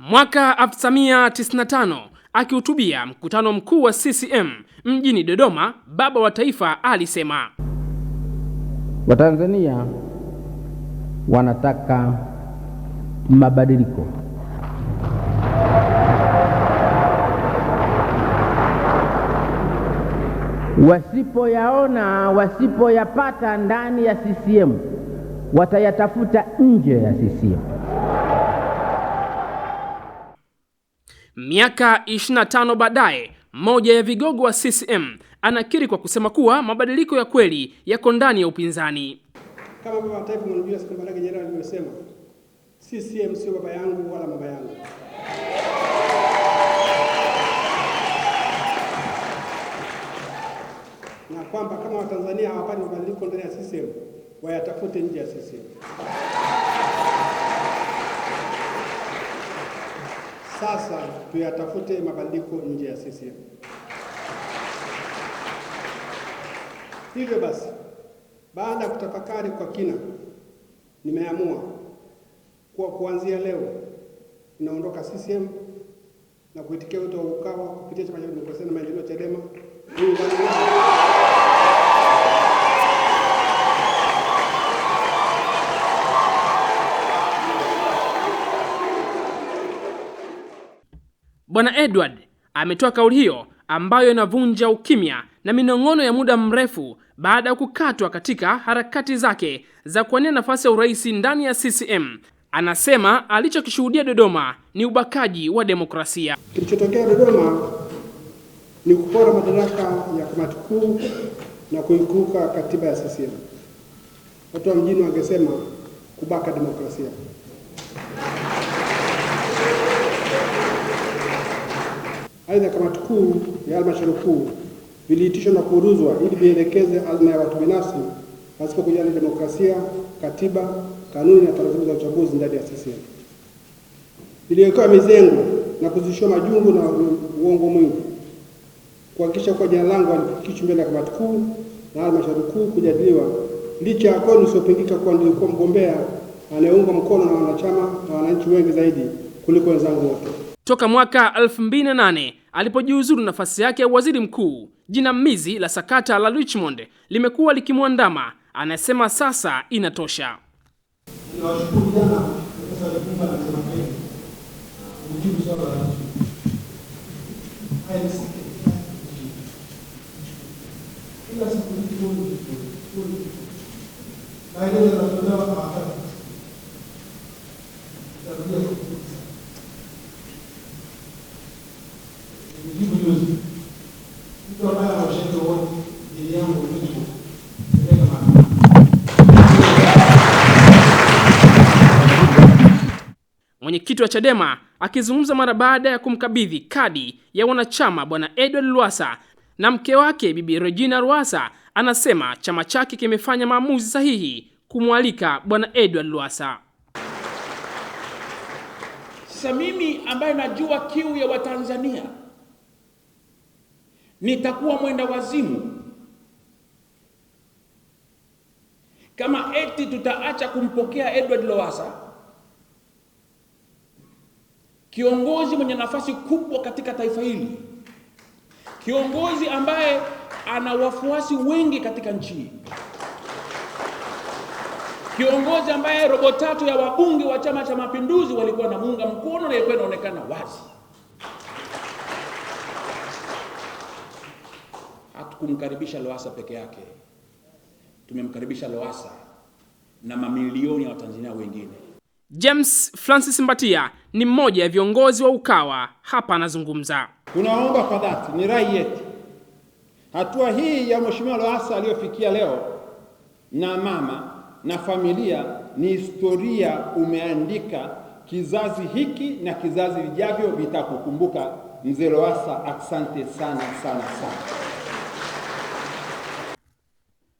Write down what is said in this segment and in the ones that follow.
Mwaka 1995 akihutubia mkutano mkuu wa CCM mjini Dodoma, baba wa taifa alisema Watanzania wanataka mabadiliko. Wasipoyaona, wasipoyapata ndani ya CCM watayatafuta nje ya CCM. Miaka 25 baadaye, mmoja ya vigogo wa CCM anakiri kwa kusema kuwa mabadiliko ya kweli yako ndani ya upinzani. Kama baba wa taifa mwanajua siku baraka jenerali aliyosema, CCM sio baba yangu wala mama yangu. Na kwamba kama Watanzania hawapati mabadiliko ndani ya CCM, wayatafute nje ya CCM. Sasa tuyatafute mabadiliko nje ya CCM. Hivyo basi, baada ya kutafakari kwa kina, nimeamua kuwa kuanzia leo naondoka CCM na kuitikia wito wa UKAWA kupitia Chama cha Demokrasia na Maendeleo, CHADEMA. Bwana Edward ametoa kauli hiyo ambayo inavunja ukimya na minong'ono ya muda mrefu baada ya kukatwa katika harakati zake za kuwania nafasi ya urais ndani ya CCM. Anasema alichokishuhudia Dodoma ni ubakaji wa demokrasia. Kilichotokea Dodoma ni kupora madaraka ya kamati kuu na kuikuka katiba ya CCM. Watu wa mjini wangesema kubaka demokrasia. Aidha, kamati kuu ya halmashauri kuu viliitishwa na kuuruzwa ili vielekeze azma ya watu binafsi pasipo kujali demokrasia, katiba, kanuni na taratibu za uchaguzi ndani ya CCM. Iliwekewa mizengo na kuzushiwa majungu na uongo mwingi kuhakikisha kuwa jina langu halifikishwi mbele ya kamati kuu na halmashauri kuu kujadiliwa, licha ya kweli usiopingika kuwa nilikuwa mgombea anayeungwa mkono na wanachama na wananchi wengi zaidi kuliko wenzangu wote toka mwaka 2008 alipojiuzuru nafasi yake ya waziri mkuu. Jinamizi la sakata la Richmond limekuwa likimwandama, anasema sasa inatosha. mwenye mtu Mwenyekiti wa Chadema akizungumza mara baada ya kumkabidhi kadi ya wanachama Bwana Edward lwasa na mke wake Bibi Regina Lowassa, anasema chama chake kimefanya maamuzi sahihi kumwalika Bwana Edward lwasa Sasa mimi ambaye najua kiu ya Watanzania nitakuwa mwenda wazimu. Kama eti tutaacha kumpokea Edward Lowasa, kiongozi mwenye nafasi kubwa katika taifa hili, kiongozi ambaye ana wafuasi wengi katika nchi hii, kiongozi ambaye robo tatu ya wabunge wa Chama cha Mapinduzi walikuwa na muunga mkono na ilikuwa inaonekana wazi hatukumkaribisha Lowassa peke yake, tumemkaribisha Lowassa na mamilioni ya Watanzania wengine. James Francis Mbatia ni mmoja ya viongozi wa Ukawa, hapa anazungumza. Tunaomba kwa dhati, ni rai yetu, hatua hii ya Mheshimiwa Lowassa aliyofikia leo na mama na familia ni historia umeandika, kizazi hiki na kizazi vijavyo vitakukumbuka. Mzee Lowassa, asante sana sana sana.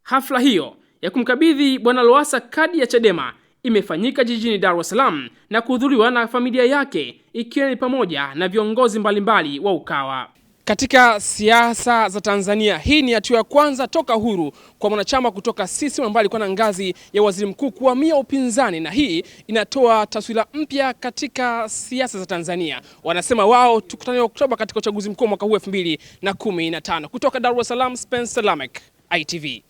Hafla hiyo ya kumkabidhi Bwana Lowassa kadi ya Chadema imefanyika jijini Dar es Salaam na kuhudhuriwa na familia yake ikiwa ni pamoja na viongozi mbalimbali wa Ukawa. Katika siasa za Tanzania, hii ni hatua ya kwanza toka huru kwa mwanachama kutoka CCM ambaye alikuwa na ngazi ya waziri mkuu kuhamia upinzani, na hii inatoa taswira mpya katika siasa za Tanzania. Wanasema wao tukutane Oktoba katika uchaguzi mkuu mwaka huu 2015. Kutoka Dar es Salaam, Spencer Lamek, ITV.